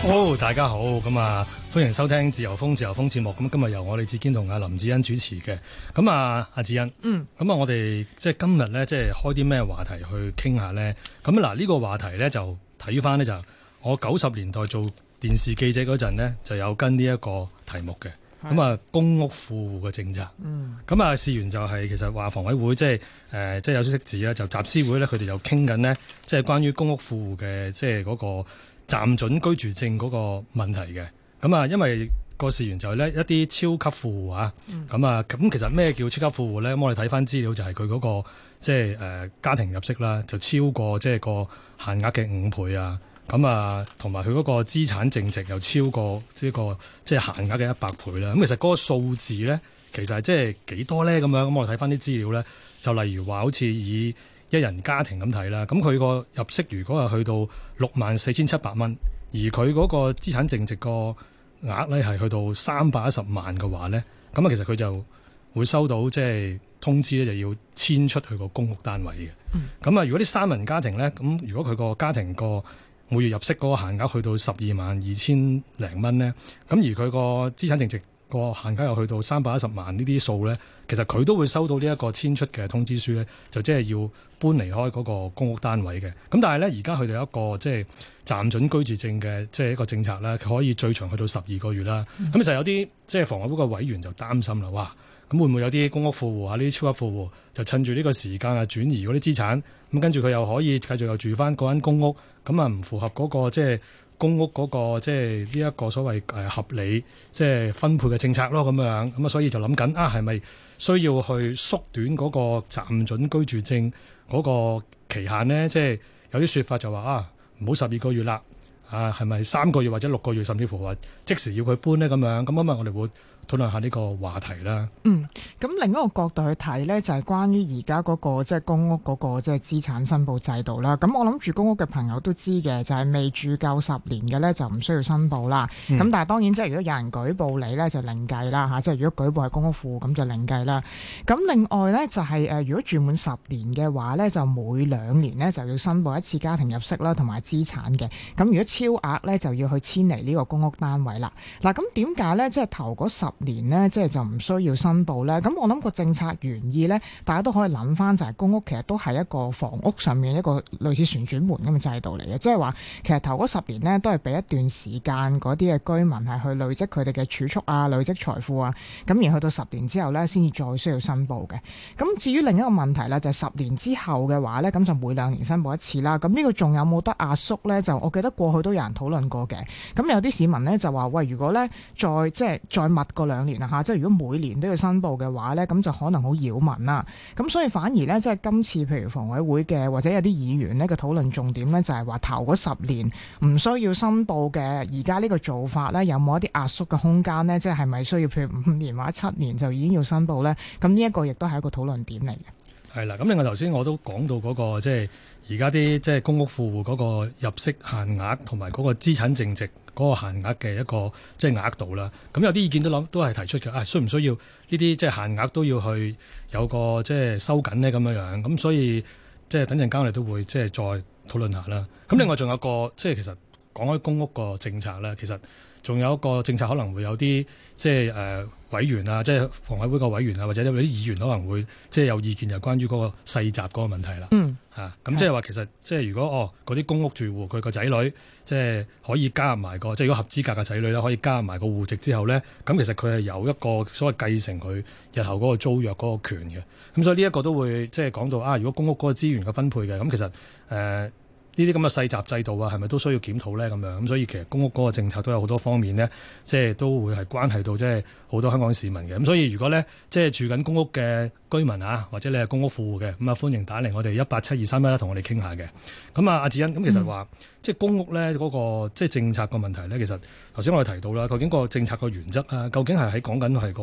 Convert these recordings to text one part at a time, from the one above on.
好、oh，大家好，咁啊，歡迎收聽自由風自由風節目。咁今日由我哋志堅同阿林志恩主持嘅。咁啊，阿志恩，嗯，咁啊，我哋即係今日咧，即係開啲咩話題去傾下咧？咁啊，嗱，呢個話題咧就睇返咧就我九十年代做電視記者嗰陣咧，就有跟呢一個題目嘅。咁啊，公屋富戶嘅政策，嗯，咁啊，事緣就係其實話房委會即係誒，即、就、係、是、有消息指咧，就集思會咧，佢哋又傾緊咧，即係關於公屋富戶嘅即係嗰個。暫準居住證嗰個問題嘅，咁啊，因為個事源就係咧一啲超級富戶啊，咁、嗯、啊，咁其實咩叫超級富戶咧？我哋睇翻資料就係佢嗰個即係家庭入息啦，就超過即係個限額嘅五倍啊，咁啊，同埋佢嗰個資產淨值又超過呢個即係限額嘅一百倍啦。咁其實嗰個數字咧，其實即係幾多咧？咁樣咁我哋睇翻啲資料咧，就例如話好似以一人家庭咁睇啦，咁佢個入息如果係去到六萬四千七百蚊，而佢嗰個資產淨值個額咧係去到三百一十萬嘅話呢，咁啊其實佢就會收到即係通知咧，就要遷出去個公屋單位嘅。咁、嗯、啊，如果啲三人家庭呢，咁如果佢個家庭個每月入息嗰個限額去到十二萬二千零蚊呢，咁而佢個資產淨值個限額又去到三百一十萬呢啲數呢，其實佢都會收到呢一個遷出嘅通知書呢，就即係要搬離開嗰個公屋單位嘅。咁但係呢，而家佢哋一個即係暫準居住證嘅，即係一個政策呢，佢可以最長去到十二個月啦。咁，嗯，其實有啲即係房委會嘅委員就擔心啦，哇！咁會唔會有啲公屋富戶啊，呢啲超級富戶就趁住呢個時間啊轉移嗰啲資產？咁跟住佢又可以繼續又住翻嗰間公屋，咁啊唔符合嗰個即係。公屋嗰個即係呢一個所謂誒合理即係分配嘅政策咯，咁樣咁啊，所以就諗緊啊，係咪需要去縮短嗰個暫准居住證嗰個期限呢？即係有啲說法就話啊，唔好十二個月啦，啊係咪三個月或者六個月，甚至乎話即時要佢搬呢？咁樣咁啊，我哋會。討論下呢個話題啦。嗯，咁另一個角度去睇呢，就係關於而家嗰個即係公屋嗰個即係資產申報制度啦。咁我諗住公屋嘅朋友都知嘅，就係未住夠十年嘅呢，就唔需要申報啦。咁，嗯，但係當然即係如果有人舉報你呢，就另計啦嚇。即係如果舉報係公屋戶，咁就另計啦。咁另外呢，就係如果住滿十年嘅話呢，就每兩年呢，就要申報一次家庭入息啦，同埋資產嘅。咁如果超額呢，就要去遷離呢個公屋單位啦。嗱，咁點解呢？即係頭嗰十年呢，即係就唔需要申報啦。咁我諗個政策原意呢，大家都可以諗翻就係公屋其實都係一個房屋上面一個類似旋轉門咁嘅制度嚟嘅，即係話其實頭嗰十年呢都係俾一段時間嗰啲嘅居民係去累積佢哋嘅儲蓄啊、累積財富啊，咁而去到十年之後呢先至再需要申報嘅。咁至於另一個問題呢，就係、是、十年之後嘅話呢，咁就每兩年申報一次啦。咁呢個仲有冇得壓縮呢？就我記得過去都有人討論過嘅。咁有啲市民呢，就話：喂，如果呢再即係再密個。兩年啦吓，即係如果每年都要申報嘅話咧，咁就可能好擾民啦。咁所以反而咧，即係今次譬如房委會嘅或者有啲議員呢嘅討論重點咧，就係話頭嗰十年唔需要申報嘅，而家呢個做法咧有冇一啲壓縮嘅空間呢？即係係咪需要譬如五年或者七年就已經要申報咧？咁呢一個亦都係一個討論點嚟嘅。係啦，咁另外頭先我都講到嗰個即係而家啲即係公屋富戶嗰個入息限額同埋嗰個資產淨值。嗰個限額嘅一個即係額度啦，咁有啲意見都諗都係提出嘅，啊需唔需要呢啲即係限額都要去有個即係收緊呢？咁樣樣，咁所以即係等陣間我哋都會即係再討論下啦。咁另外仲有個即係其實講開公屋個政策咧，其實仲有一個政策可能會有啲即係誒。呃委員啊，即係房委會個委員啊，或者有啲議員可能會即係有意見，就關於嗰個世襲嗰個問題啦。嗯，嚇、啊、咁即係話其實即係如果哦嗰啲公屋住戶佢個仔女即係可以加入埋個即係如果合資格嘅仔女咧可以加入埋個戶籍之後咧，咁其實佢係有一個所謂繼承佢日後嗰個租約嗰個權嘅。咁所以呢一個都會即係講到啊，如果公屋嗰個資源嘅分配嘅咁其實誒。呃呢啲咁嘅細集制度啊，係咪都需要檢討咧？咁樣咁，所以其實公屋嗰個政策都有好多方面呢，即係都會係關係到即係好多香港市民嘅。咁所以如果咧，即係住緊公屋嘅居民啊，或者你係公屋富戶嘅，咁啊歡迎打嚟我哋一八七二三一啦，同我哋傾下嘅。咁啊，阿志恩，咁其實話即係公屋咧嗰個即係政策個問題咧，其實頭先、嗯、我哋提到啦，究竟個政策個原則啊，究竟係喺講緊係個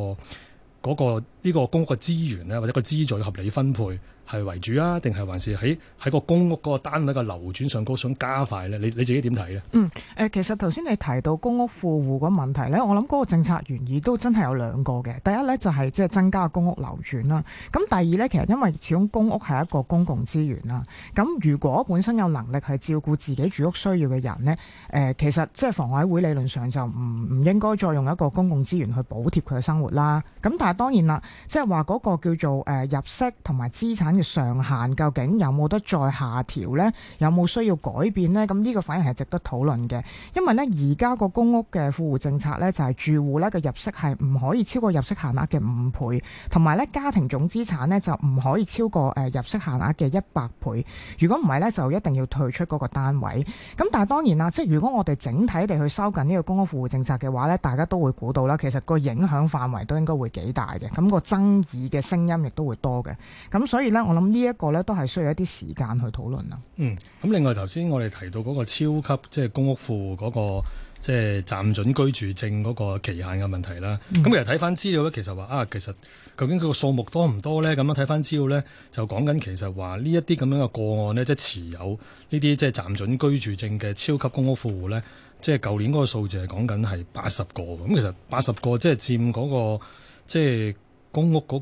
嗰、嗰個呢、呢個公屋嘅資源咧，或者個資助嘅合理分配？係為主啊？定係還是喺喺個公屋嗰個單位嘅流轉上嗰想加快咧？你你自己點睇咧？嗯，誒、呃，其實頭先你提到公屋富戶嘅問題咧，我諗嗰個政策原意都真係有兩個嘅。第一咧就係即係增加公屋流轉啦。咁第二咧，其實因為始終公屋係一個公共資源啦。咁如果本身有能力去照顧自己住屋需要嘅人咧，誒、呃，其實即係房委會理論上就唔唔應該再用一個公共資源去補貼佢嘅生活啦。咁但係當然啦，即係話嗰個叫做誒入息同埋資產。上限究竟有冇得再下調咧？有冇需要改變咧？咁呢個反而係值得討論嘅，因為咧而家個公屋嘅富戶政策咧就係、是、住戶咧個入息係唔可以超過入息限額嘅五倍，同埋咧家庭總資產咧就唔可以超過誒、呃、入息限額嘅一百倍。如果唔係咧，就一定要退出嗰個單位。咁但係當然啦，即係如果我哋整體地去收緊呢個公屋富戶政策嘅話咧，大家都會估到啦，其實個影響範圍都應該會幾大嘅，咁、那個爭議嘅聲音亦都會多嘅。咁所以咧。我諗呢一個咧都係需要一啲時間去討論啦。嗯，咁另外頭先我哋提到嗰個超級即係、就是、公屋戶嗰、那個即係暫准居住證嗰個期限嘅問題啦。咁、嗯、其實睇翻資料咧，其實話啊，其實究竟佢個數目多唔多咧？咁樣睇翻資料咧，就講緊其實話呢一啲咁樣嘅個案咧，即、就、係、是、持有呢啲即係暫准居住證嘅超級公屋戶咧，即係舊年嗰個數字係講緊係八十個。咁其實八十個即係佔嗰個即係。就是公屋嗰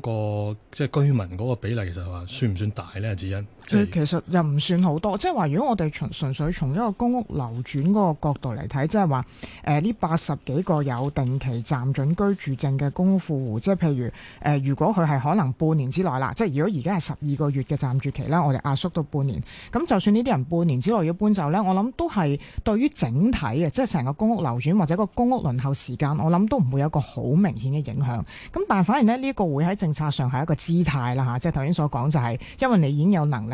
個即係居民嗰個比例，其實話算唔算大咧？阿子欣。就其實又唔算好多，即係話如果我哋純純粹從一個公屋流轉嗰個角度嚟睇，即係話誒呢八十幾個有定期暫準居住證嘅公屋戶，即係譬如誒，如果佢係可能半年之內啦，即係如果而家係十二個月嘅暫住期啦，我哋壓縮到半年，咁就算呢啲人半年之內要搬走呢，我諗都係對於整體嘅，即係成個公屋流轉或者個公屋輪候時間，我諗都唔會有個好明顯嘅影響。咁但係反而呢，呢個會喺政策上係一個姿態啦嚇，即係頭先所講就係因為你已經有能力。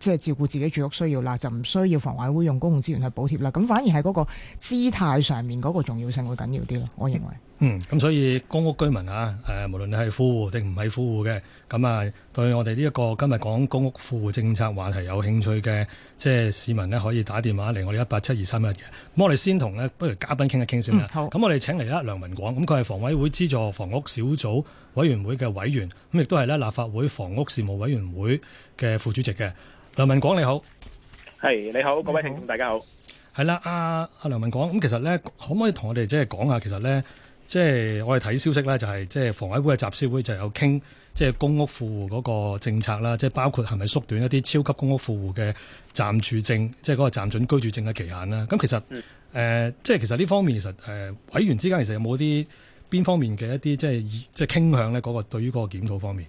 即、就、係、是、照顧自己住屋需要啦，就唔需要房委會用公共資源去補貼啦。咁反而係嗰個姿態上面嗰個重要性會緊要啲咯，我認為。嗯，咁所以公屋居民啊，誒，無論你係戶戶定唔係戶戶嘅，咁啊，對我哋呢一個今日講公屋戶戶政策話題有興趣嘅，即、就、係、是、市民呢可以打電話嚟我哋一八七二三一嘅。咁我哋先同呢不如嘉賓傾一傾先啦。好，咁我哋請嚟啦，梁文廣，咁佢係房委會資助房屋小組委員會嘅委員，咁亦都係咧立法會房屋事務委員會嘅副主席嘅。梁文廣你好，係你好，各位聽眾、嗯、大家好，係啦，阿、啊、阿、啊、梁文廣，咁其實咧，可唔可以同我哋即係講下，其實咧，即、就、係、是、我哋睇消息咧、就是，就係即係房委會嘅集思會就有傾，即、就、係、是、公屋富戶嗰個政策啦，即、就、係、是、包括係咪縮短一啲超級公屋富戶嘅暫住證，即係嗰個暫准居住證嘅期限啦。咁其實誒，即係其實呢方面，其實誒、呃，委員之間其實有冇啲邊方面嘅一啲即係即係傾向咧、那個？嗰個對於嗰個檢討方面？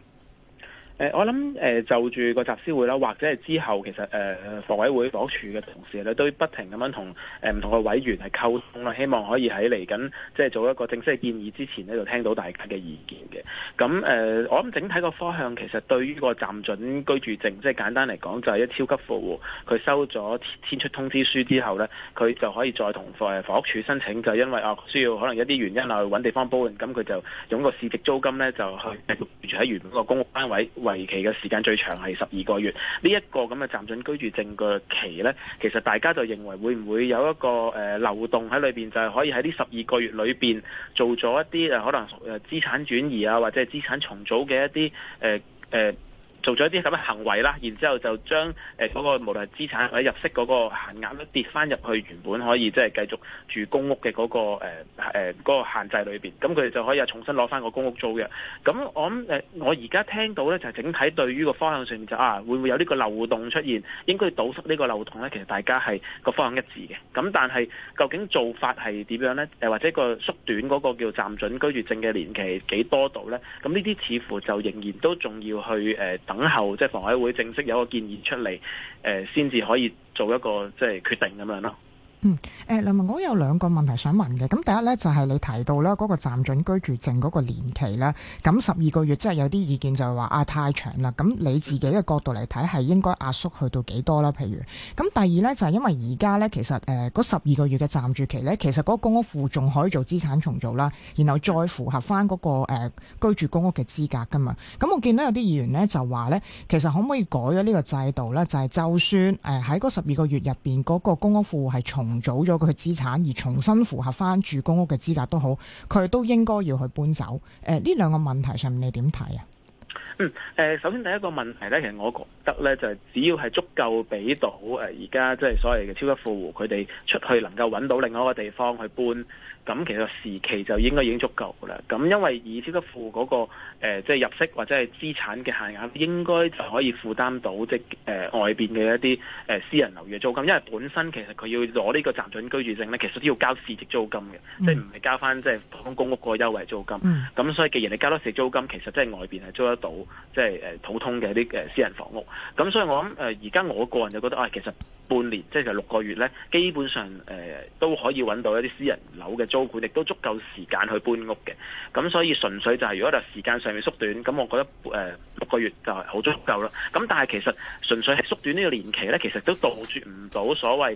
誒、呃，我諗誒、呃、就住個集思會啦，或者係之後其實誒房、呃、委會房屋署嘅同事咧，都不停咁樣同唔同嘅委員係溝通啦，希望可以喺嚟緊即係做一個正式嘅建議之前呢，就聽到大家嘅意見嘅。咁誒、呃，我諗整體個方向其實對於個暫准居住證，即、就、係、是、簡單嚟講，就係一超級富戶，佢收咗遷出通知書之後咧，佢就可以再同房屋署申請，就因為哦、呃、需要可能一啲原因啊，揾地方搬。咁佢就用個市值租金咧，就去繼續住喺原本個公屋單位。為期嘅時間最長係十二個月，呢、這、一個咁嘅暫准居住證嘅期咧，其實大家就認為會唔會有一個誒漏洞喺裏邊，就係可以喺呢十二個月裏邊做咗一啲誒、呃、可能誒資產轉移啊，或者係資產重組嘅一啲誒誒。呃呃做咗一啲咁嘅行為啦，然之後就將誒嗰個無論係資產或者入息嗰個限額都跌翻入去原本可以即係、就是、繼續住公屋嘅嗰、那個誒誒、呃那個、限制裏邊，咁佢哋就可以重新攞翻個公屋租約。咁我諗誒、呃，我而家聽到咧就係、是、整體對於個方向上面就啊，會唔會有呢個漏洞出現？應該堵塞呢個漏洞咧，其實大家係個方向一致嘅。咁但係究竟做法係點樣咧？誒或者嗰個縮短嗰個叫暫准居住證嘅年期幾多度咧？咁呢啲似乎就仍然都仲要去誒、呃等候，即係房委會正式有個建議出嚟，誒、呃，先至可以做一個，即係決定咁樣咯。嗯，誒梁文廣有兩個問題想問嘅，咁第一咧就係、是、你提到啦嗰個暫準居住證嗰個年期咧，咁十二個月即係有啲意見就係話啊太長啦，咁你自己嘅角度嚟睇係應該壓縮去到幾多啦？譬如，咁第二咧就係、是、因為而家咧其實誒嗰十二個月嘅暫住期咧，其實嗰公屋戶仲可以做資產重組啦，然後再符合翻、那、嗰個、呃、居住公屋嘅資格噶嘛。咁我見到有啲議員咧就話咧，其實可唔可以改咗呢個制度咧？就係、是、就算誒喺嗰十二個月入邊嗰個公屋戶係重重組咗佢嘅資產而重新符合翻住公屋嘅資格都好，佢都應該要去搬走。誒、呃，呢兩個問題上面你點睇啊？嗯，誒、呃，首先第一個問題呢，其實我覺得呢，就係、是、只要係足夠俾到誒，而家即係所謂嘅超級富戶，佢哋出去能夠揾到另外一個地方去搬。咁其實時期就應該已經足夠噶啦。咁因為以千都付嗰個即係、呃就是、入息或者係資產嘅限額，應該就可以負擔到即係、就是呃、外邊嘅一啲誒、呃、私人樓嘅租金。因為本身其實佢要攞呢個暫準居住證咧，其實都要交市值租金嘅，即係唔係交返即係普通公屋個優惠租金。咁、mm. 所以既然你交多市值租金，其實即係外邊係租得到即係誒普通嘅啲私人房屋。咁所以我諗而家我個人就覺得啊，其實半年即係六個月咧，基本上、呃、都可以揾到一啲私人樓嘅。租管，亦都足夠時間去搬屋嘅，咁所以純粹就係如果就時間上面縮短，咁我覺得誒六個月就係好足夠啦。咁但係其實純粹係縮短呢個年期咧，其實都杜絕唔到所謂誒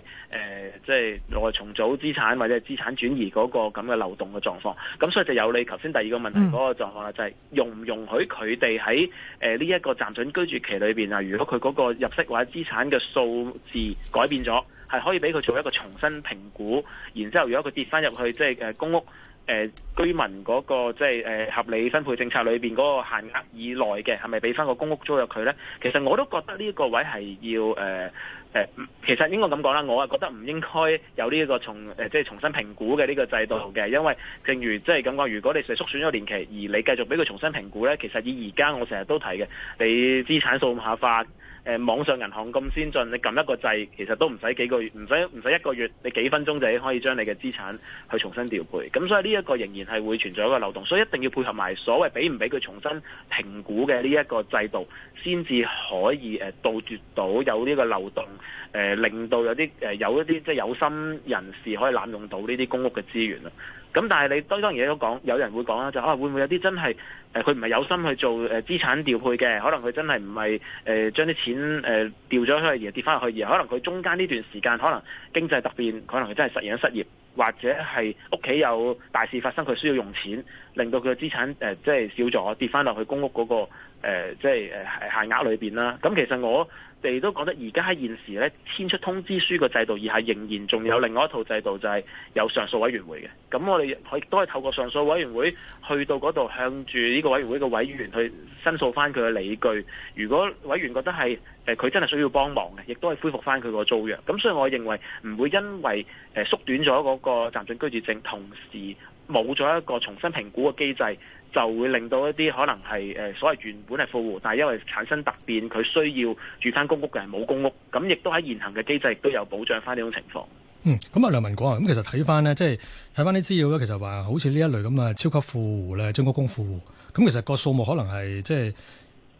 即係內重組資產或者係資產轉移嗰個咁嘅漏洞嘅狀況。咁所以就有你頭先第二個問題嗰個狀況啦，mm. 就係容唔容許佢哋喺誒呢一個暫准居住期裏邊啊？如果佢嗰個入息或者資產嘅數字改變咗？係可以俾佢做一個重新評估，然之後如果佢跌翻入去，即、就、係、是、公屋誒、呃、居民嗰、那個即係、就是呃、合理分配政策裏面嗰個限額以內嘅，係咪俾翻個公屋租入佢呢？其實我都覺得呢個位係要誒、呃呃、其實應該咁講啦，我係覺得唔應該有呢個重即係、呃就是、重新評估嘅呢個制度嘅，因為正如即係咁講，如果你日縮短咗年期，而你繼續俾佢重新評估呢，其實以而家我成日都提嘅，你資產數目下滑。誒網上銀行咁先進，你撳一個掣，其實都唔使幾個月，唔使唔使一個月，你幾分鐘就可以將你嘅資產去重新調配。咁所以呢一個仍然係會存在一個漏洞，所以一定要配合埋所謂俾唔俾佢重新評估嘅呢一個制度，先至可以誒杜絕到有呢個漏洞，誒令到有啲有一啲即係有心人士可以濫用到呢啲公屋嘅資源啦。咁但係你都當然都講，有人會講啦，就可能、啊、會唔會有啲真係佢唔係有心去做、呃、資產調配嘅，可能佢真係唔係誒將啲錢誒、呃、調咗出去而跌翻落去，而可能佢中間呢段時間可能經濟突變，可能佢真係實現失業，或者係屋企有大事發生，佢需要用錢，令到佢嘅資產、呃、即係少咗，跌翻落去公屋嗰、嗰個、呃、即係誒限額裏面啦。咁其實我哋都覺得，而家喺現時咧，遷出通知書個制度，而係仍然仲有另外一套制度，就係、是、有上訴委員會嘅。咁我哋可都係透過上訴委員會去到嗰度，向住呢個委員會嘅委員去申訴翻佢嘅理據。如果委員覺得係誒，佢、呃、真係需要幫忙嘅，亦都係恢復翻佢個租約。咁所以，我認為唔會因為誒縮短咗嗰個暫準居住證，同時。冇咗一個重新評估嘅機制，就會令到一啲可能係所謂原本係富戶，但係因為產生突變，佢需要住翻公屋嘅人冇公屋。咁亦都喺現行嘅機制，亦都有保障翻呢種情況。嗯，咁啊梁文廣啊，咁其實睇翻呢，即係睇翻啲資料咧，其實話好似呢一類咁嘅「超級富戶咧，中國公富戶」，咁其實個數目可能係即係。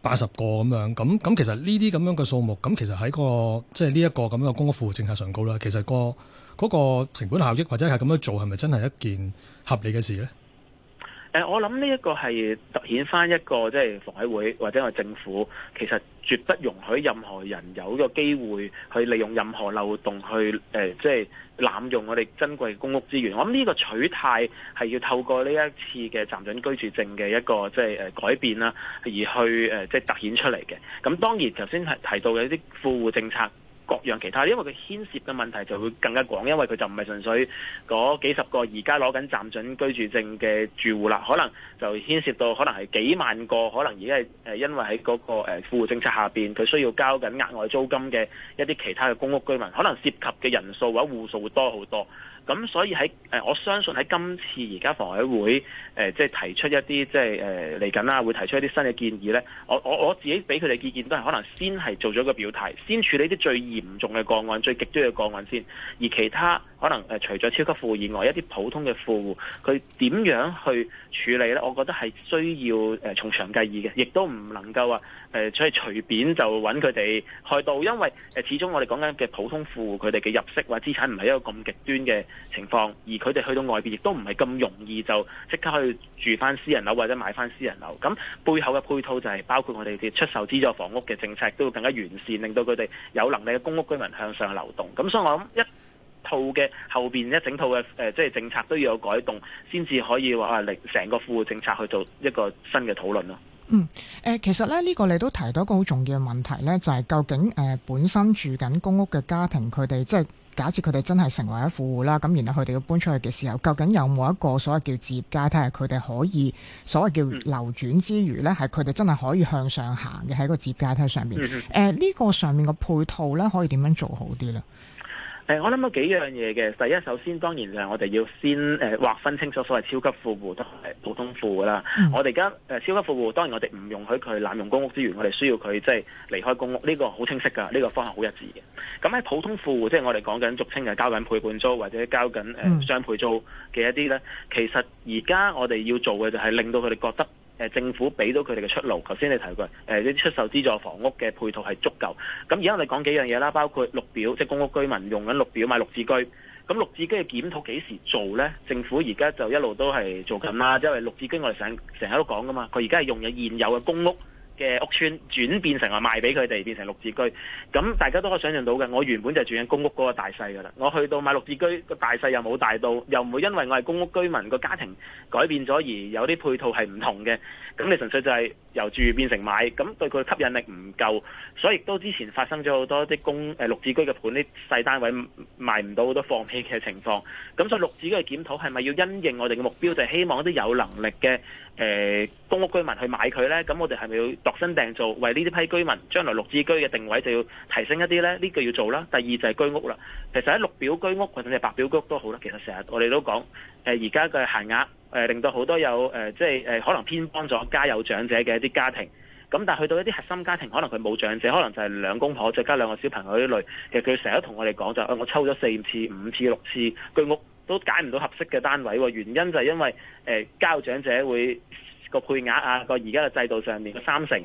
八十個咁樣，咁咁其實呢啲咁樣嘅數目，咁其實喺個即係呢一個咁樣嘅公屋富戶政策上高啦。其實個嗰個成本效益或者係咁樣做，係咪真係一件合理嘅事呢？誒，我諗呢一個係凸顯翻一個，即係房委會或者係政府，其實絕不容許任何人有個機會去利用任何漏洞去即係濫用我哋珍貴公屋資源。我諗呢個取態係要透過呢一次嘅暫準居住證嘅一個即係改變啦，而去誒即係突顯出嚟嘅。咁當然頭先提到有啲富戶政策，各樣其他，因為佢牽涉嘅問題就會更加廣，因為佢就唔係純粹嗰幾十個而家攞緊暫准居住證嘅住戶啦，可能就牽涉到可能係幾萬個，可能而家係誒因為喺嗰個誒富戶政策下面，佢需要交緊額外租金嘅一啲其他嘅公屋居民，可能涉及嘅人數或者戶數會多好多。咁所以喺誒，我相信喺今次而家房委會誒，即、呃、係、即係、提出一啲即係誒嚟緊啦，即係呃、會提出一啲新嘅建議咧。我我我自己俾佢哋意見都係，可能先係做咗個表態，先處理啲最嚴重嘅個案、最極端嘅個案先，而其他。可能誒除咗超級富以外，一啲普通嘅富戶，佢點樣去處理呢？我覺得係需要誒從長計議嘅，亦都唔能夠話誒，即係隨便就揾佢哋害到，因為始終我哋講緊嘅普通富戶，佢哋嘅入息或資產唔係一個咁極端嘅情況，而佢哋去到外邊亦都唔係咁容易就即刻去住翻私人樓或者買翻私人樓。咁背後嘅配套就係包括我哋嘅出售資助房屋嘅政策都會更加完善，令到佢哋有能力嘅公屋居民向上流動。咁所以我諗一套嘅後邊一整套嘅誒，即係政策都要有改動，先至可以話啊，成個富戶政策去做一個新嘅討論咯。嗯，誒、呃，其實咧呢、這個你都提到一個好重要嘅問題呢就係、是、究竟誒、呃、本身住緊公屋嘅家庭，佢哋即係假設佢哋真係成為咗富戶啦，咁然後佢哋要搬出去嘅時候，究竟有冇一個所謂叫置業階梯，係佢哋可以所謂叫流轉之餘呢係佢哋真係可以向上行嘅喺個置業階梯上面？誒、嗯、呢、呃這個上面嘅配套呢，可以點樣做好啲呢？誒，我諗到幾樣嘢嘅。第一，首先當然就係我哋要先誒、呃、劃分清楚所謂超級富戶同埋普通富戶啦。嗯、我哋而家超級富戶，當然我哋唔容許佢濫用公屋資源，我哋需要佢即係離開公屋。呢、這個好清晰㗎，呢、這個方向好一致嘅。咁喺普通富戶，即係我哋講緊俗稱嘅交緊配半租或者交緊誒雙配租嘅一啲咧、嗯，其實而家我哋要做嘅就係令到佢哋覺得，誒，政府俾到佢哋嘅出路，頭先你提過，誒啲出售資助房屋嘅配套係足夠。咁而家我哋講幾樣嘢啦，包括綠表，即係公屋居民用緊綠表買綠置居。咁綠置居嘅檢討幾時做呢？政府而家就一路都係做緊啦，因為綠置居我哋成成日都講噶嘛，佢而家係用咗現有嘅公屋。嘅屋邨轉變成賣俾佢哋，變成綠置居，咁大家都可以想像到嘅。我原本就住緊公屋嗰個大細㗎啦，我去到買綠置居個大細又冇大到，又唔會因為我係公屋居民個家庭改變咗而有啲配套係唔同嘅，咁你純粹就係、是。由住變成買，咁對佢吸引力唔夠，所以亦都之前發生咗好多啲公誒綠置居嘅盤，啲細單位賣唔到，好多放棄嘅情況。咁所以綠置居嘅檢討，係咪要因應我哋嘅目標，就係、希望啲有能力嘅誒、呃、公屋居民去買佢咧？咁我哋係咪要度身訂造，為呢啲批居民將來綠置居嘅定位就要提升一啲咧？呢、呢個要做啦。第二就係居屋啦。其實喺綠表居屋或者係白表居屋都好啦。其實成日我哋都講誒，而家嘅限額。誒令到好多有誒，即係誒可能偏幫咗家有長者嘅一啲家庭，咁但係去到一啲核心家庭，可能佢冇長者，可能就係兩公婆再加兩個小朋友呢類，其實佢成日都同我哋講就，啊我抽咗四次、五次、六次，居屋都揀唔到合適嘅單位，原因就係因為誒家有長者會個配額啊，個而家嘅制度上面嘅三成。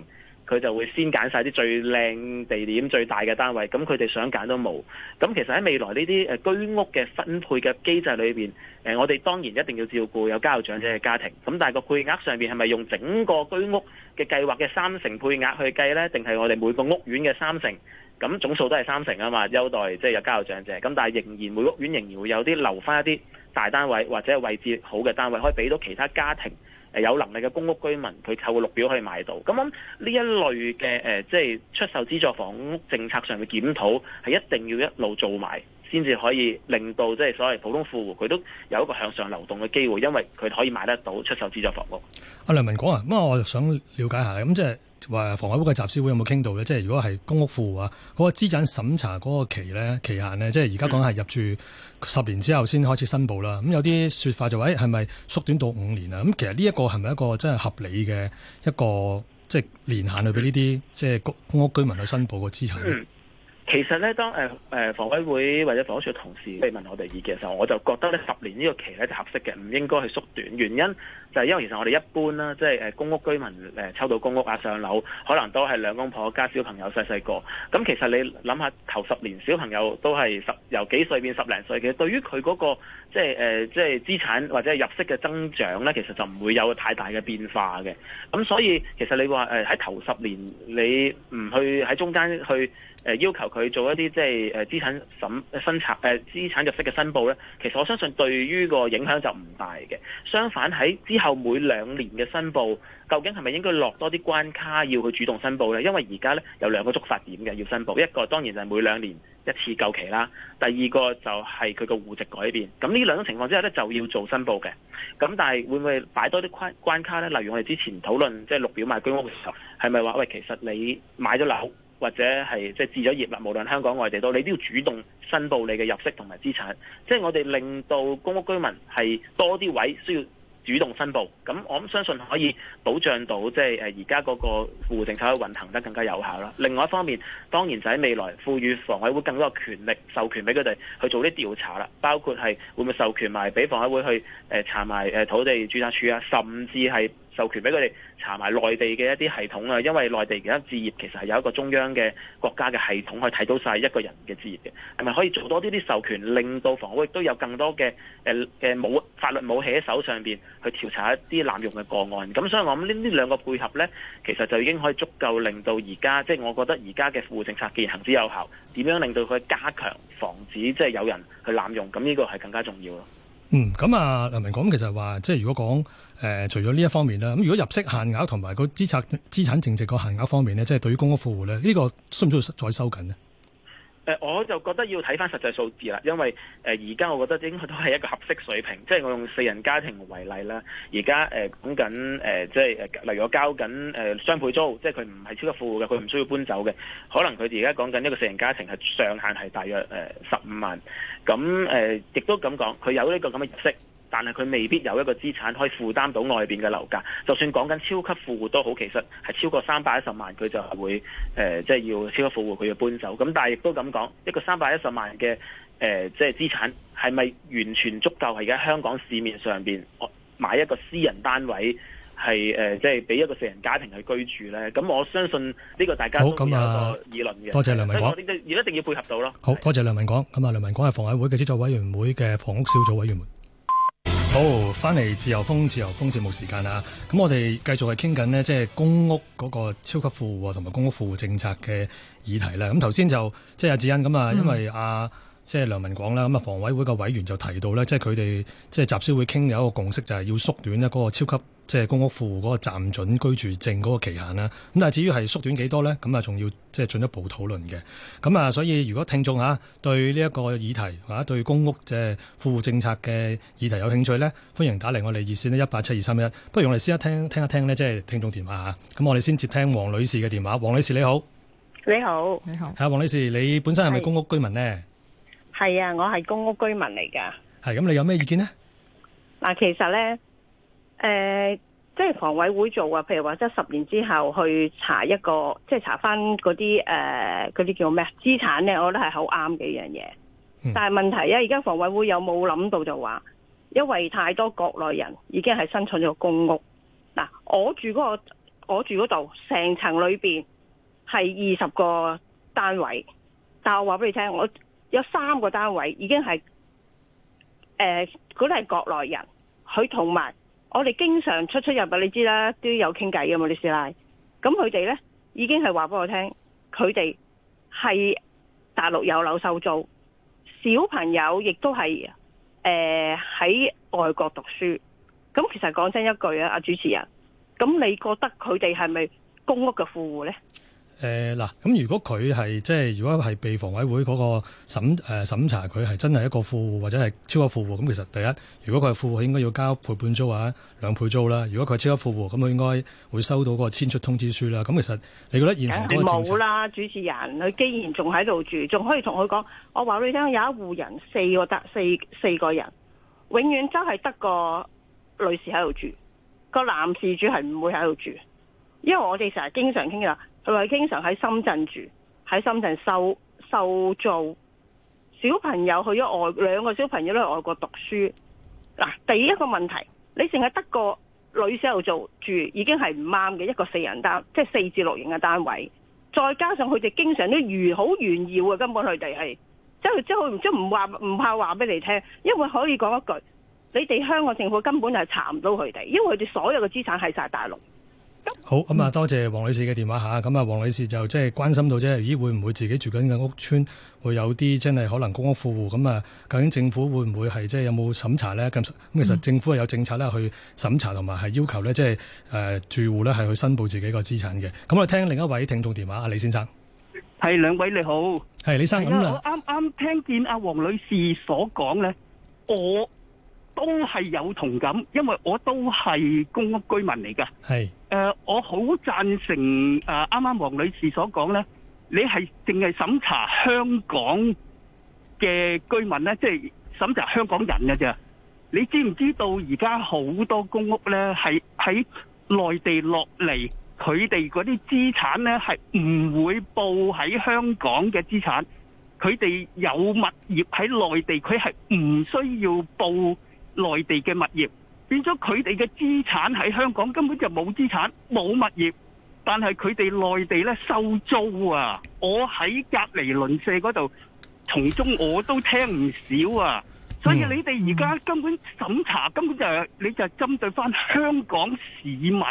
佢就會先揀晒啲最靚地點、最大嘅單位，咁佢哋想揀都冇。咁其實喺未來呢啲誒居屋嘅分配嘅機制裏面，誒我哋當然一定要照顧有家有長者嘅家庭。咁但係個配額上邊係咪用整個居屋嘅計劃嘅三成配額去計呢？定係我哋每個屋苑嘅三成？咁總數都係三成啊嘛，優待即係有家有長者。咁但係仍然每屋苑仍然會有啲留翻一啲大單位或者位置好嘅單位，可以俾到其他家庭。係有能力嘅公屋居民，佢透過綠表可以買到。咁呢一類嘅、呃、即係出售資助房屋政策上嘅檢討，係一定要一路做埋。先至可以令到即係所謂普通富戶，佢都有一個向上流動嘅機會，因為佢可以買得到出售資助房屋。阿梁文廣啊，咁我想了解下，咁即係話房委會嘅集思會有冇傾到咧？即係如果係公屋富戶啊，嗰、那個資產審查嗰個期咧期限呢，即係而家講係入住十年之後先開始申報啦。咁、嗯、有啲說法就話、是，係咪縮短到五年啊？咁其實呢一個係咪一個真係合理嘅一個即係年限去俾呢啲即係公屋居民去申報個資產、嗯其實咧，當誒、呃、房委會或者房署同事問我哋意見嘅時候，我就覺得咧十年呢個期咧就合適嘅，唔應該去縮短。原因就係因為其實我哋一般啦，即係誒公屋居民、呃、抽到公屋啊上樓，可能都係兩公婆加小朋友細細個。咁其實你諗下頭十年，小朋友都係十由幾歲變十零歲嘅，對於佢嗰個即係誒即係資產或者入息嘅增長咧，其實就唔會有太大嘅變化嘅。咁所以其實你話誒喺頭十年你唔去喺中間去，誒要求佢做一啲即係誒資產審、審查誒資產入息嘅申報咧，其實我相信對於個影響就唔大嘅。相反喺之後每兩年嘅申報，究竟係咪應該落多啲關卡要去主動申報咧？因為而家咧有兩個觸發點嘅要申報，一個當然就係每兩年一次夠期啦，第二個就係佢個戶籍改變。咁呢兩種情況之下咧就要做申報嘅。咁但係會唔會擺多啲關卡咧？例如我哋之前討論即係綠表買居屋嘅時候，係咪話喂其實你買咗樓？或者係即係置咗業啦，無論香港、外地都你都要主動申報你嘅入息同埋資產。即係我哋令到公屋居民係多啲位需要主動申報。咁我咁相信可以保障到即係而家嗰個戶政策運行得更加有效啦。另外一方面，當然就喺未來賦予房委會更多嘅權力，授權俾佢哋去做啲調查啦。包括係會唔會授權埋俾房委會去誒查埋土地註冊處啊，甚至係。授權俾佢哋查埋內地嘅一啲系統啊，因為內地其他置業其實係有一個中央嘅國家嘅系統去睇到晒一個人嘅置業嘅，係咪可以做多啲啲授權，令到房屋亦都有更多嘅、呃呃、武法律武器喺手上邊去調查一啲濫用嘅個案？咁所以我諗呢呢兩個配合呢，其實就已經可以足夠令到而家即係我覺得而家嘅富戶政策既然行之有效，點樣令到佢加強防止即係、就是、有人去濫用？咁呢個係更加重要咯。嗯，咁啊梁文廣講，其實話即係如果講誒、呃，除咗呢一方面啦，咁如果入息限額同埋個資產資產淨值個限額方面咧，即係對於公屋富戶咧，呢、這個需唔需要再收緊咧？誒我就覺得要睇翻實際數字啦，因為誒而家我覺得應該都係一個合適水平，即係我用四人家庭為例啦。而家誒講緊誒、呃，即係誒例如我交緊誒、呃、雙倍租，即係佢唔係超級富戶嘅，佢唔需要搬走嘅，可能佢而家講緊一個四人家庭係上限係大約誒十五萬，咁誒亦都咁講，佢有呢個咁嘅意識。但係佢未必有一個資產可以負擔到外邊嘅樓價，就算講緊超級富戶都好，其實係超過三百一十萬他，佢、呃、就係會誒，即係要超級富戶，佢要搬走。咁但係亦都咁講，一個三百一十萬嘅誒，即係資產係咪完全足夠？而家香港市面上邊買一個私人單位係誒，即係俾一個四人家庭去居住呢。咁我相信呢個大家好咁啊議論嘅。多謝梁文廣，即係一定要配合到咯。好多謝梁文廣。咁啊，梁文廣係房委會嘅資助委員會嘅房屋小組委員們。好，翻嚟自由風自由風節目時間啦。咁我哋繼續係傾緊呢，即係公屋嗰個超級富戶同埋公屋富戶政策嘅議題啦。咁頭先就即係、就是、阿智恩咁啊、嗯，因為阿、啊即、就、係、是、梁文廣啦，咁啊，房委會個委員就提到咧，即係佢哋即係集思會傾有一個共識，就係要縮短咧嗰個超級即係、就是、公屋富戶嗰個暫準居住證嗰個期限啦。咁但係至於係縮短幾多咧，咁啊仲要即係進一步討論嘅。咁啊，所以如果聽眾嚇對呢一個議題或者對公屋即係富戶政策嘅議題有興趣咧，歡迎打嚟我哋熱線咧一八七二三一。231，不如我哋先聽聽一聽聽一聽呢，即係聽眾電話嚇。咁我哋先接聽王女士嘅電話。王女士你好，你好，你好。係啊，王女士，你本身係咪公屋居民呢？係啊，我係公屋居民嚟㗎。係，咁你有咩意見呢？嗱，其實呢，誒、呃，即係房委會做啊，譬如話即係十年之後去查一個，即係查翻嗰啲誒，嗰、呃、啲叫咩資產呢？我覺得係好啱嘅一樣嘢，嗯。但係問題咧，而家房委會有冇諗到就話，因為太多國內人已經係申請咗公屋。嗱，我住嗰、那個，我住度成層裏邊係二十個單位，但係我話俾你聽，我。有三個單位已經係，誒，佢都係國內人，佢同埋我哋經常出出入入，你知啦，都有傾偈噶嘛，李師奶。咁佢哋咧已經係話俾我聽，佢哋係大陸有樓收租，小朋友亦都係誒喺外國讀書。咁其實講真一句啊，阿主持人，咁你覺得佢哋係咪公屋嘅富戶咧？誒、呃、嗱，咁如果佢係即係如果係被房委會嗰個審誒、呃、查，佢係真係一個富戶或者係超級富戶，咁其實第一，如果佢係富戶，應該要交倍半租啊，兩倍租啦。如果佢係超級富戶，咁佢應該會收到個遷出通知書啦。咁其實你覺得現行嗰個政策？冇啦，主持人，佢既然仲喺度住，仲可以同佢講，我話俾你聽，有一戶人四個得四四個人，永遠真係得個女士喺度住，個男事主係唔會喺度住，因為我哋成日經常傾啊。佢話經常喺深圳住，喺深圳受受做，小朋友去咗外，兩個小朋友都去外國讀書。嗱、啊，第一個問題，你淨係得個女士喺度做住，已經係唔啱嘅一個四人單，即係四至六人嘅單位。再加上佢哋經常都如好炫耀嘅，根本佢哋係即係即係即係唔話唔怕話俾你聽，因為可以講一句，你哋香港政府根本係查唔到佢哋，因為佢哋所有嘅資產喺晒大陸。嗯、好咁啊，多謝王女士嘅電話吓，咁啊，王女士就即係關心到即係，咦，會唔會自己住緊嘅屋邨會有啲真係可能公屋富戶咁啊？究竟政府會唔會係即係有冇審查咧？咁、嗯、咁，其實政府係有政策咧去審查同埋係要求咧，即係誒住戶咧係去申報自己個資產嘅。咁啊，聽另一位聽眾電話啊，李先生，係兩位你好，係李先生。咁我啱啱聽見阿王女士所講咧，我。都係有同感，因為我都係公屋居民嚟嘅、呃。我好贊成啱啱、呃、黃女士所講呢，你係淨係審查香港嘅居民呢，即係審查香港人嘅咋，你知唔知道而家好多公屋呢係喺內地落嚟，佢哋嗰啲資產呢係唔會報喺香港嘅資產，佢哋有物業喺內地，佢係唔需要報。內地嘅物業變咗，佢哋嘅資產喺香港根本就冇資產、冇物業，但係佢哋內地呢收租啊！我喺隔籬鄰舍嗰度，從中我都聽唔少啊！所以你哋而家根本審查根本就係、是、你就係針對翻香港市民，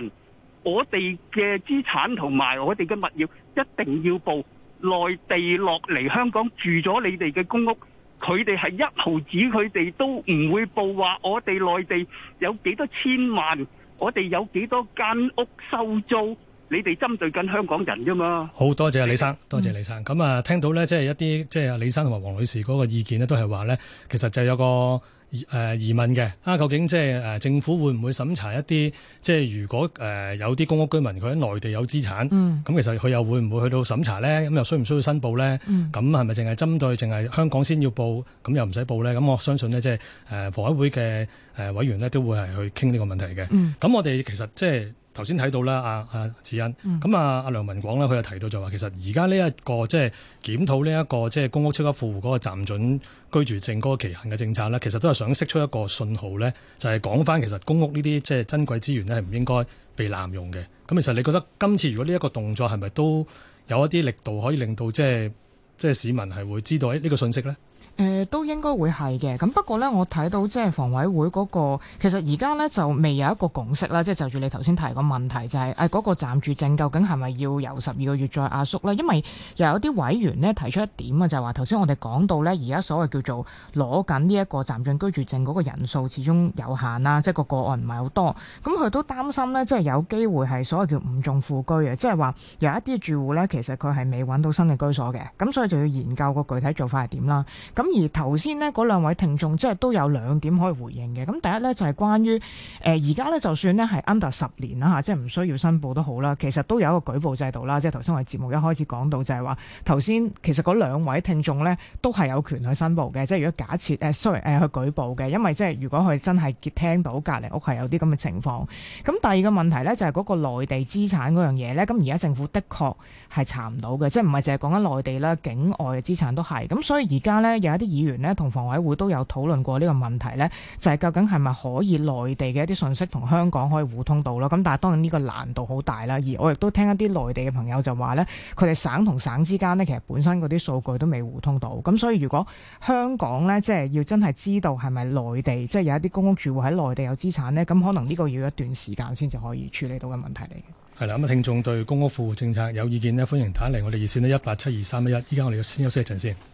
我哋嘅資產同埋我哋嘅物業一定要報，內地落嚟香港住咗你哋嘅公屋。佢哋係一毫子，佢哋都唔會報話。我哋內地有幾多千萬，我哋有幾多間屋收租。你哋針對緊香港人㗎嘛？好多謝李生，多謝李生。咁啊，聽到呢，即係一啲即係啊李生同埋黃女士嗰個意見呢，都係話呢，其實就係有個。誒疑問嘅啊，究竟即係誒政府會唔會審查一啲即係如果誒有啲公屋居民佢喺內地有資產，咁、嗯、其實佢又會唔會去到審查咧？咁又需唔需要申報咧？咁係咪淨係針對淨係香港先要報，咁又唔使報咧？咁我相信呢，即係誒房委會嘅誒委員咧，都會係去傾呢個問題嘅。咁、嗯、我哋其實即係。頭先睇到啦，阿、啊、阿、啊、子欣咁、嗯、啊，阿、啊、梁文廣咧，佢又提到就話，其實而家呢一個即係、就是、檢討呢、這、一個即係、就是、公屋超額富戶嗰個暫准居住證嗰個期限嘅政策咧，其實都係想釋出一個信號咧，就係講返其實公屋呢啲即係珍貴資源咧係唔應該被濫用嘅。咁其實你覺得今次如果呢一個動作係咪都有一啲力度可以令到即係即係市民係會知道喺呢個信息咧？誒都應該會係嘅，咁不過呢，我睇到即係房委會嗰、那個，其實而家呢就未有一個共識啦，即係就住你頭先提個問題、就是，就係嗰個暫住證究竟係咪要由十二個月再壓縮啦，因為又有啲委員呢提出一點啊，就係話頭先我哋講到呢，而家所謂叫做攞緊呢一個暫住居住證嗰個人數始終有限啦，即係個個案唔係好多，咁佢都擔心呢，即係有機會係所謂叫五眾富居啊，即係話有一啲住戶呢，其實佢係未揾到新嘅居所嘅，咁所以就要研究個具體做法係點啦，咁而頭先呢，嗰兩位聽眾即係都有兩點可以回應嘅。咁第一呢，就係關於誒而家呢，就算呢係 under 十年啦嚇，即係唔需要申報都好啦，其實都有一個舉報制度啦。即係頭先我哋節目一開始講到，就係話頭先其實嗰兩位聽眾呢，都係有權去申報嘅。即係如果假設 sorry 去舉報嘅，因為即係如果佢真係聽到隔離屋係有啲咁嘅情況。咁第二個問題呢，就係嗰個內地資產嗰樣嘢呢。咁而家政府的確係查唔到嘅，即係唔係淨係講緊內地啦，境外嘅資產都係。咁所以而家呢。一啲議員呢，同房委會都有討論過呢個問題呢，就係究竟係咪可以內地嘅一啲信息同香港可以互通到咯？咁但係當然呢個難度好大啦。而我亦都聽一啲內地嘅朋友就話呢，佢哋省同省之間呢，其實本身嗰啲數據都未互通到。咁所以如果香港呢，即係要真係知道係咪內地即係有一啲公屋住戶喺內地有資產呢，咁可能呢個要一段時間先至可以處理到嘅問題嚟嘅。係啦，咁啊，聽眾對公屋富戶政策有意見呢？歡迎打嚟我哋熱線呢一八七二三一一。依家我哋先休息一陣先。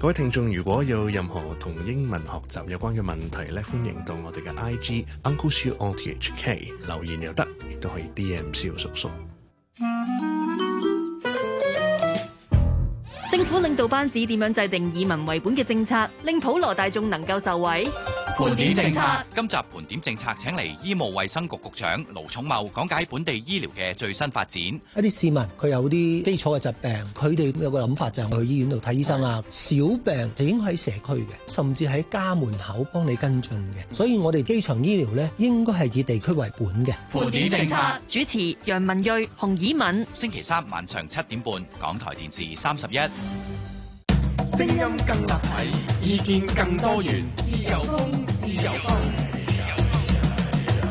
各位聽眾，如果有任何同英文學習有關嘅問題咧，歡迎到我哋嘅 I G Uncle Siu O T H K 留言又得，亦都可以 D M 小叔叔。府領導班子點樣制定以民為本嘅政策，令普羅大眾能夠受惠？盤點政策，今集盤點政策，請嚟醫務衛生局局長盧寵茂講解本地醫療嘅最新發展。一啲市民佢有啲基礎嘅疾病，佢哋有個諗法就係去醫院度睇醫生啦。小病就應該喺社區嘅，甚至喺家門口幫你跟進嘅。所以我哋基層醫療呢，應該係以地區為本嘅。盤點政策，盤點政策，主持楊文睿、洪以敏。星期三晚上七點半，港台電視三十一。聲音更立體，意見更多元，自由風，自由風，自由風，自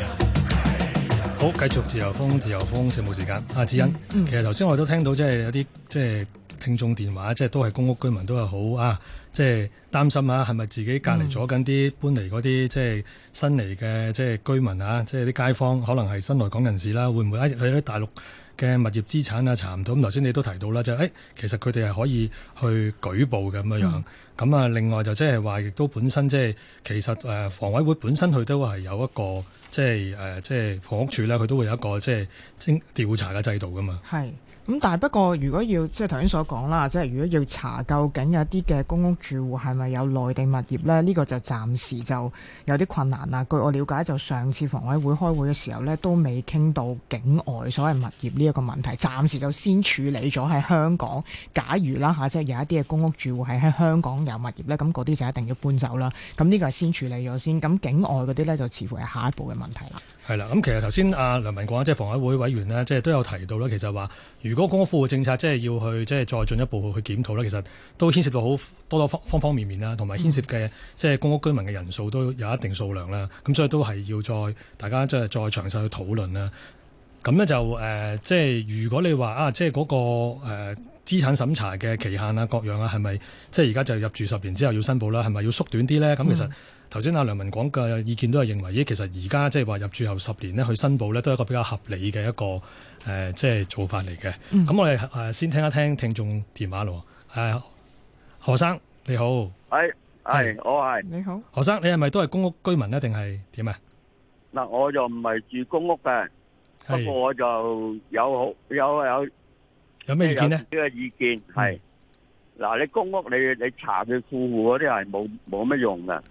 由風，好，繼續自由風，自由風節目時間阿、啊、智欣、嗯嗯，其實頭先我都聽到，即係有啲即係聽眾電話，即係都係公屋居民都係好啊，即係擔心啊，係咪自己隔籬咗緊啲搬嚟嗰啲即係新嚟嘅即係居民啊，即係啲街坊可能係新來港人士啦，會唔會一直喺啲大陸？嘅物業資產啊，查唔到，咁頭先你都提到啦，就係其實佢哋係可以去舉報嘅咁樣，咁、嗯、啊另外就即係話亦都本身即係其實誒房委會本身佢都係有一個即係誒即係房屋處咧，佢都會有一個即係偵調查嘅制度噶嘛。係。咁但係不過，如果要即係頭先所講啦，即係如果要查究竟有啲嘅公屋住戶係咪有內地物業呢？呢個就暫時就有啲困難啦。據我了解，就上次房委會開會嘅時候呢，都未傾到境外所謂物業呢一個問題。暫時就先處理咗喺香港。假如啦嚇，即係有一啲嘅公屋住戶係喺香港有物業呢，咁嗰啲就一定要搬走啦。咁呢個係先處理咗先。咁境外嗰啲呢，就似乎係下一步嘅問題啦。係啦，咁其實頭先阿梁文廣即係房委會委員呢，即係都有提到啦。其實話如果公屋富戶政策即係要去即係再進一步去檢討呢，其實都牽涉到好多多方方方面面啦，同埋牽涉嘅即係公屋居民嘅人數都有一定數量啦。咁所以都係要再大家即係再詳細去討論啦。咁呢就誒、呃，即係如果你話啊，即係嗰、那個誒、呃、資產審查嘅期限啊、各樣啊，係咪即係而家就入住十年之後要申報啦？係咪要縮短啲呢？咁其實頭先阿梁文廣嘅意見都係認為，咦，其實而家即係話入住後十年呢去申報呢，都係一個比較合理嘅一個。誒，即係做法嚟嘅。咁、嗯、我哋誒先聽一聽聽眾電話咯。誒、啊，何生你好，喂，係我，係，你好。何生你係咪都係公屋居民咧？定係點啊？嗱，我就唔係住公屋嘅，不過我就有好有有有咩意見，呢啲嘅意見係嗱、嗯，你公屋你你查佢富戶嗰啲係冇冇乜用噶？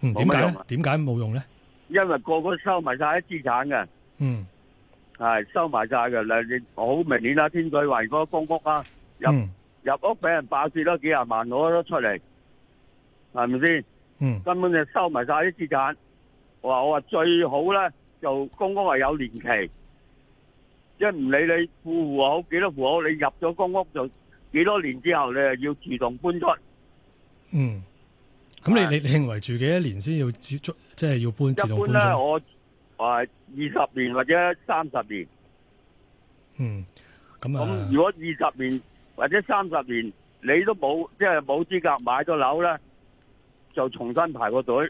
嗯，點解咧？點解冇用咧？因為個個收埋晒啲資產嘅。嗯。係收埋晒嘅，嗱你好明顯啦，天水圍嗰個公屋啊，入、嗯、入屋俾人霸住咗幾廿萬，攞咗出嚟，係咪先？嗯，根本就收埋晒啲資產。我話我話最好咧，就公屋係有年期，即係唔理你戶戶口幾多戶口，你入咗公屋就幾多年之後，你就要自動搬出。嗯，咁你你認為住幾多年先要接即係要搬自動搬出？誒，二十年或者三十年，嗯，咁、嗯、啊，咁如果二十年或者三十年、嗯，你都冇，即係冇資格買咗樓咧，就重新排個隊。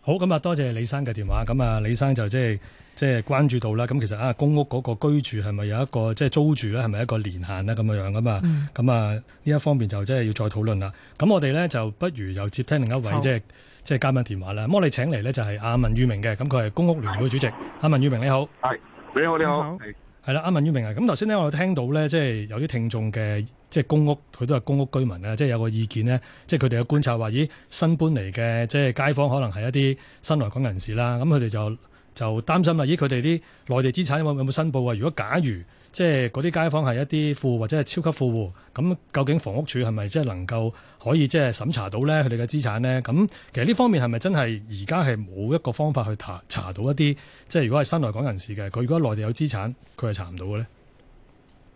好，咁啊，多謝李生嘅電話。咁啊，李生就即係即係關注到啦。咁其實啊，公屋嗰個居住係咪有一個即係租住咧？係咪一個年限咧？咁樣樣噶嘛？咁啊呢一方面就即係要再討論啦。咁我哋咧就不如又接聽另一位即係。即係嘉賓電話啦。咁我哋請嚟咧就係阿文裕明嘅，咁佢係公屋聯會主席。阿文裕明你好，係，你好你好，係啦。阿文裕明啊，咁頭先咧我聽到咧，即係有啲聽眾嘅，即係公屋佢都係公屋居民啊，即係有個意見咧，即係佢哋嘅觀察話咦，新搬嚟嘅即係街坊可能係一啲新來港人士啦，咁佢哋就就擔心啦，咦佢哋啲內地資產有冇有冇申報啊？如果假如。即係嗰啲街坊係一啲富戶或者係超級富戶，咁究竟房屋署係咪即係能夠可以即係審查到咧佢哋嘅資產咧？咁其實呢方面係咪真係而家係冇一個方法去查查到一啲即係如果係新來港人士嘅佢如果內地有資產佢係查唔到嘅咧？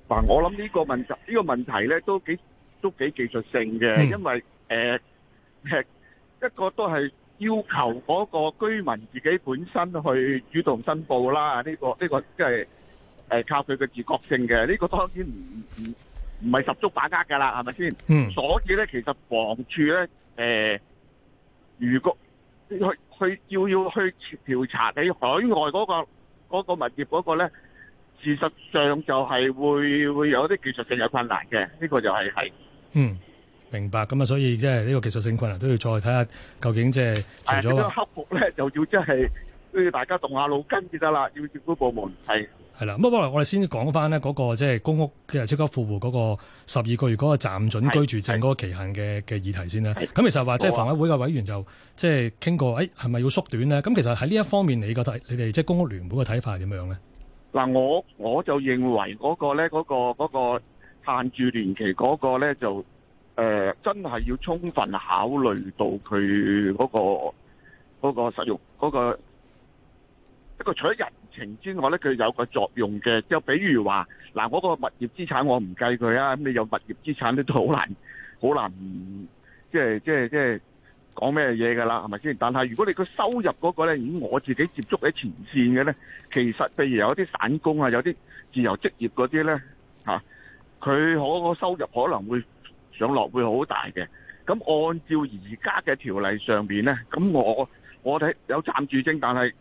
嗱，我諗呢個問題呢咧、這個、都幾都幾技術性嘅，嗯、因為誒、呃、一個都係要求嗰個居民自己本身去主動申報啦，呢、這個呢、這個即、就、係、是。誒、呃，靠佢嘅自覺性嘅，呢、這個當然唔唔唔係十足把握噶啦，係咪先？嗯。所以咧，其實房署咧，誒、呃，如果去去要要去調查你海外嗰、那個嗰、那個物業嗰個咧，事實上就係會會有啲技術性有困難嘅，呢、這個就係、是、係。嗯，明白。咁啊，所以即係呢個技術性困難都要再睇下看看究竟即係除咗克、哎、服咧，就要即係都要大家動下腦筋先得啦。要政府部門係。係啦，不過我哋先講翻咧嗰個即係、即係、公屋係即刻富戶嗰個十二個月嗰個暫准居住證嗰個期限嘅嘅議題先啦。咁其實話即係房委會嘅委員就即係傾過，誒係咪要縮短咧？咁其實喺呢一方面，你覺得你哋即係公屋聯會嘅睇法係點樣咧？嗱，我我就認為嗰個咧嗰、嗰個嗰、嗰個嗰個嗰個、限住年期嗰個咧就誒、呃、真係要充分考慮到佢嗰、嗰個嗰、嗰個、實用嗰、嗰個不過除咗人情之外咧，佢有個作用嘅。就比如話嗱，我個物業資產我唔計佢啊。咁你有物業資產咧，都好難好難即係即係即係講咩嘢噶啦，係咪先？但係如果你個收入嗰個呢，以我自己接觸喺前線嘅咧，其實譬如有啲散工啊，有啲自由職業嗰啲咧嚇，佢、啊、嗰個收入可能會上落會好大嘅。咁按照而家嘅條例上面咧，咁我我睇有暫住證，但係。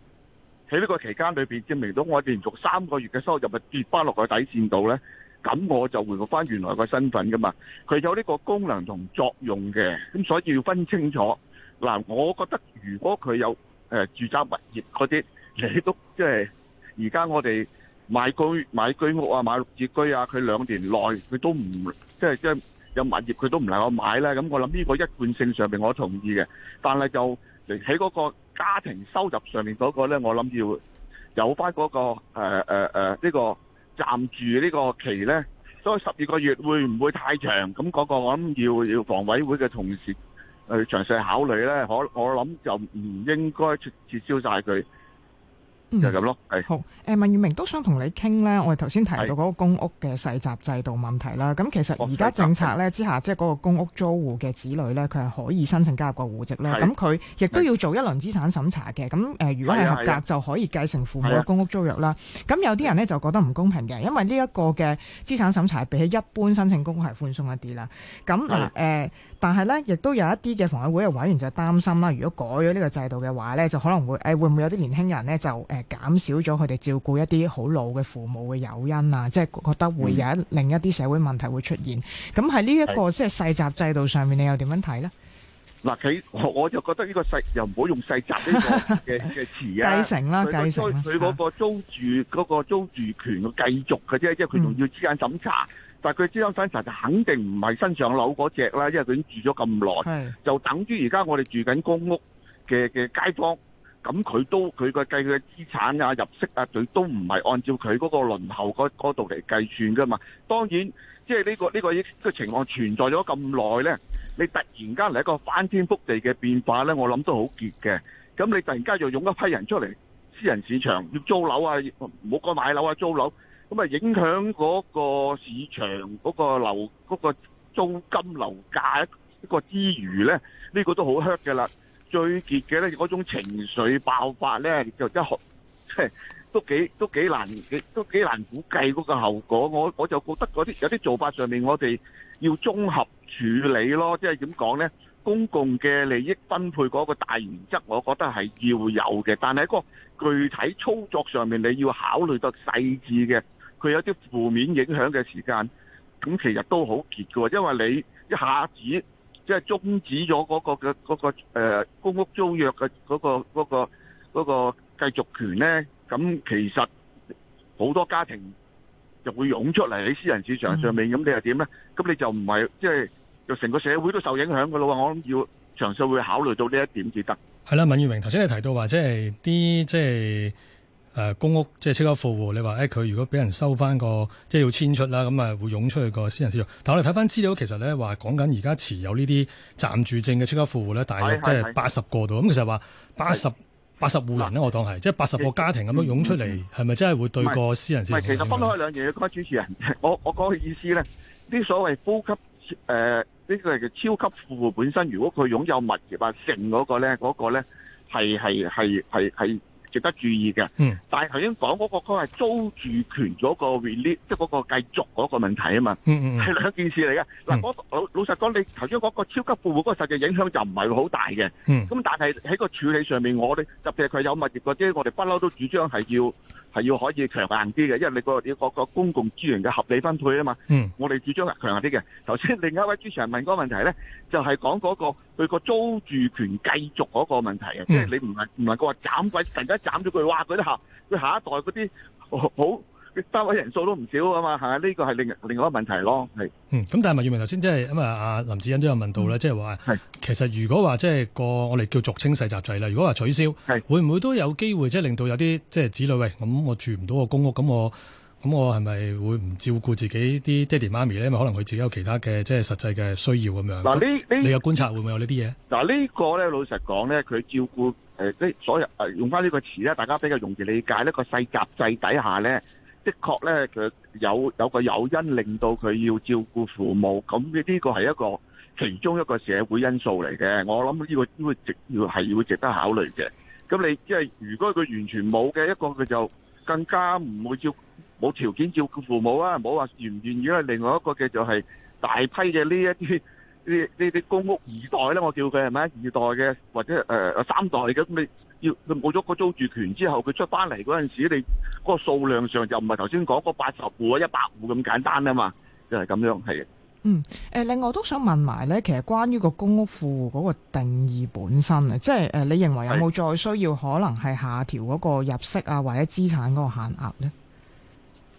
喺呢個期間裏邊證明到我連續三個月嘅收入咪跌翻落去底線度咧，咁我就換返原來個身份噶嘛。佢有呢個功能同作用嘅，咁所以要分清楚。嗱、啊，我覺得如果佢有誒、呃、住宅物業嗰啲，你都即係而家我哋買居買居屋啊，買綠置居啊，佢兩年內佢都唔即係即係有物業佢都唔能夠買咧。咁我諗呢個一貫性上面我同意嘅，但係就嚟喺嗰個。家庭收入上面嗰個咧，我諗要有翻、那、嗰個誒誒誒呢個暫住呢個期咧，所以十二個月會唔會太長，咁嗰個我諗要要房委會嘅同事誒詳細考慮咧。可我諗就唔應該撤撤銷晒佢。嗯、就係咁咯，係。好，誒文裕明都想同你傾咧，我哋頭先提到嗰個公屋嘅世襲制度問題啦。咁其實而家政策咧之下，即係嗰個公屋租戶嘅子女咧，佢係可以申請加入個戶籍咧。咁佢亦都要做一輪資產審查嘅。咁誒、呃，如果係合格，就可以繼承父母嘅公屋租約啦。咁有啲人咧就覺得唔公平嘅，因為呢一個嘅資產審查比起一般申請公屋係寬鬆一啲啦。咁誒。但係咧，亦都有一啲嘅房委會嘅委員就擔心啦。如果改咗呢個制度嘅話咧，就可能會誒、哎，會唔會有啲年輕人咧就誒減少咗佢哋照顧一啲好老嘅父母嘅誘因啊？即係覺得會有一，嗯、另一啲社會問題會出現。咁喺呢一個即係世襲制度上面，你又點樣睇咧？嗱，佢我就覺得呢個世又唔好用世襲呢個嘅嘅詞啊。繼 承啦，繼承。佢嗰個租住嗰，啊嗰個租住權嘅繼續嘅啫，即係佢仲要之間審查。嗯但佢資金審查就肯定唔係新上樓嗰隻啦，因為佢已經住咗咁耐，就等於而家我哋住緊公屋嘅嘅街坊，咁佢都佢個計佢嘅資產啊、入息啊，佢都唔係按照佢嗰個輪候嗰度嚟計算㗎嘛。當然，即係呢個呢、呢個呢情況存在咗咁耐呢，你突然間嚟一個翻天覆地嘅變化呢，我諗都好結嘅。咁你突然間就湧一批人出嚟，私人市場要租樓啊，唔好講買樓啊，租樓，啊。咁啊，影響嗰個市場嗰個樓嗰個租金樓價一個之餘咧，呢個都好 heat 嘅啦。最結嘅咧，嗰種情緒爆發咧，就真係都幾都幾難，都幾難估計嗰個後果。我我就覺得嗰啲有啲做法上面，我哋要綜合處理咯。即係點講咧？公共嘅利益分配嗰個大原則，我覺得係要有嘅。但係個具體操作上面，你要考慮到細緻嘅。佢有啲負面影響嘅時間，咁其實都好結嘅，因為你一下子即係終止咗嗰、那個嘅嗰、那個、那個呃、公屋租約嘅嗰、那個嗰、那個嗰、那個那個繼續權咧，咁其實好多家庭就會湧出嚟喺私人市場上面，咁、嗯、你又點咧？咁你就唔係即係就成個社會都受影響嘅咯，我諗要詳細會考慮到呢一點至得。係啦，文裕明頭先你提到話，即係啲即係。誒、呃、公屋即係超級富戶，你話誒佢如果俾人收翻個，即係要遷出啦，咁啊會湧出去個私人市場。但我哋睇翻資料，其實咧話講緊而家持有呢啲暫住證嘅超級富戶咧，大約即係八十個度。咁其實話八十八十戶人咧，我當係、啊、即係八十個家庭咁樣湧出嚟，係咪真係會對個私人市場？其實分開兩樣嘢。咁主持人，我我講嘅意思咧，啲所謂高級誒呢個係叫超級富戶本身，如果佢擁有物業啊、剩嗰個咧、嗰、嗰個咧係。值得注意嘅，但係頭先講嗰個佢係租住權嗰個 release，即係嗰個繼續嗰個問題啊嘛，係兩件事嚟嘅。嗱、那個，老實講，你頭先嗰個超級富戶嗰個實際影響就唔係好大嘅。咁但係喺個處理上面，我哋特別係佢有物業啲，我哋不嬲都主張係要係要可以強硬啲嘅，因為你嗰、那個、個公共資源嘅合理分配啊嘛。我哋主張係強硬啲嘅。頭先另一位主持人問嗰個問題咧，就係講嗰個佢個租住權繼續嗰個問題啊，即係、 就是、你唔係唔係佢話斬鬼斬咗佢，哇！佢都吓，佢下一代嗰啲好，單位人數都唔少啊嘛，係啊，呢個係另另外一個問題咯，係。嗯，咁但係文裕明頭先即係咁啊，阿林子欣都有問到咧，即係話，係、就是、其實如果話即係個我哋叫俗稱世襲制啦，如果話取消，係會唔會都有機會即係令到有啲即係子女喂，咁我住唔到個公屋咁我？咁我係咪會唔照顧自己啲爹地媽咪咧？咪可能佢自己有其他嘅，即係實際嘅需要咁樣。嗱，呢呢，你嘅觀察會唔會有呢啲嘢？嗱，呢個咧老實講咧，佢照顧誒，即、呃、係所有誒、呃，用翻呢個詞咧，大家比較容易理解。一個細呢個世襲制底下咧，的確咧，佢有有個誘因令到佢要照顧父母。咁呢呢個係一個其中一個社會因素嚟嘅。我諗呢個呢個值要係要值得考慮嘅。咁你即係如果佢完全冇嘅一個，佢就更加唔會照。冇條件照顧父母啊，唔好話願唔願意啊。另外一個嘅就係大批嘅呢一啲呢呢啲公屋二代咧，我叫佢係咪二代嘅，或者誒、呃、三代嘅咁？你要冇咗個租住權之後，佢出翻嚟嗰陣時，你嗰，那個數量上就唔係頭先講嗰八十戶啊一百戶咁簡單啊嘛，就係、是、咁樣係嘅。嗯誒，另外我都想問埋咧，其實關於個公屋富戶嗰個定義本身啊，即係誒，你認為有冇再需要可能係下調嗰個入息啊，或者資產嗰個限額咧？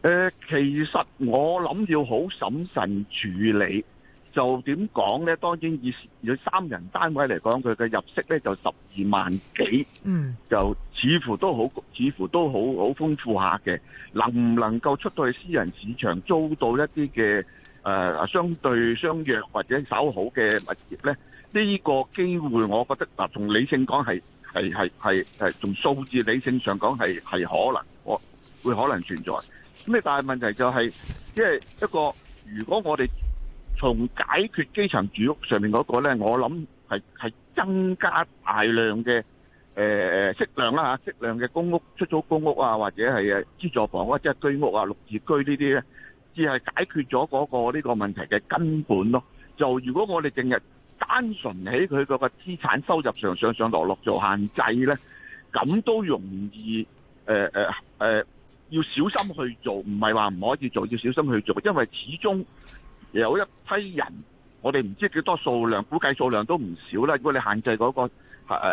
誒，其實我諗要好審慎處理，就點講呢？當然，以有三人單位嚟講，佢嘅入息呢就十二萬幾，嗯、mm.，就似乎都好，似乎都好好豐富下嘅。能唔能夠出到去私人市場租到一啲嘅誒相對相約或者稍好嘅物業呢？呢、呢個機會我覺得嗱，從理性講係系系係從數字理性上講係係可能，我會可能存在。咁你但係問題就係，是，即係一個，如果我哋從解決基層住屋上面嗰個咧，我諗係係增加大量嘅誒適量啦嚇，適、啊、量嘅公屋、出租公屋啊，或者係誒資助房或者係居屋啊、綠置居呢啲咧，只係解決咗嗰個呢個問題嘅根本咯。就如果我哋淨係單純喺佢嗰個資產收入上上上落落做限制咧，咁都容易誒誒誒。呃呃要小心去做，唔係話唔可以做，要小心去做，因為始終有一批人，我哋唔知幾多數量，估計數量都唔少啦。如果你限制嗰、那個誒誒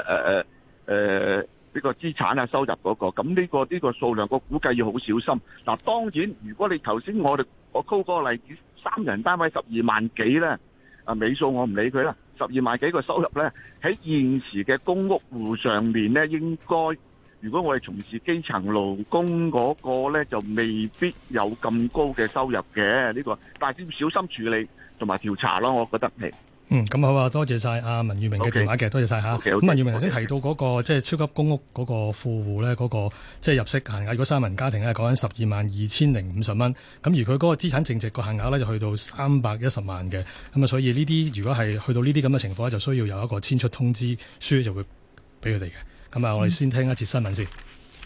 誒誒誒呢個資產啊收入嗰、那個，咁呢、這個呢、這個數量，我估計要好小心。嗱，當然如果你頭先我哋我舉個例子，三人單位十二萬幾咧，啊尾數我唔理佢啦，十二萬幾個收入咧，喺現時嘅公屋戶上面咧應該。如果我哋從事基層勞工嗰個咧，就未必有咁高嘅收入嘅呢、這個，但係要小心處理同埋調查咯，我覺得係。嗯，咁好啊，多謝晒阿文裕明嘅電話嘅，okay. 多謝晒、啊。嚇。咁文裕明頭先提到嗰、那個、okay. 即係超級公屋嗰個富戶呢，嗰、那個即係入息限額，如果三民家庭咧，講緊十二萬二千零五十蚊，咁而佢嗰個資產淨值個限額呢，就去到三百一十萬嘅，咁啊，所以呢啲如果係去到呢啲咁嘅情況就需要有一個遷出通知書就會俾佢哋嘅。咁啊，我哋先聽一次新聞先。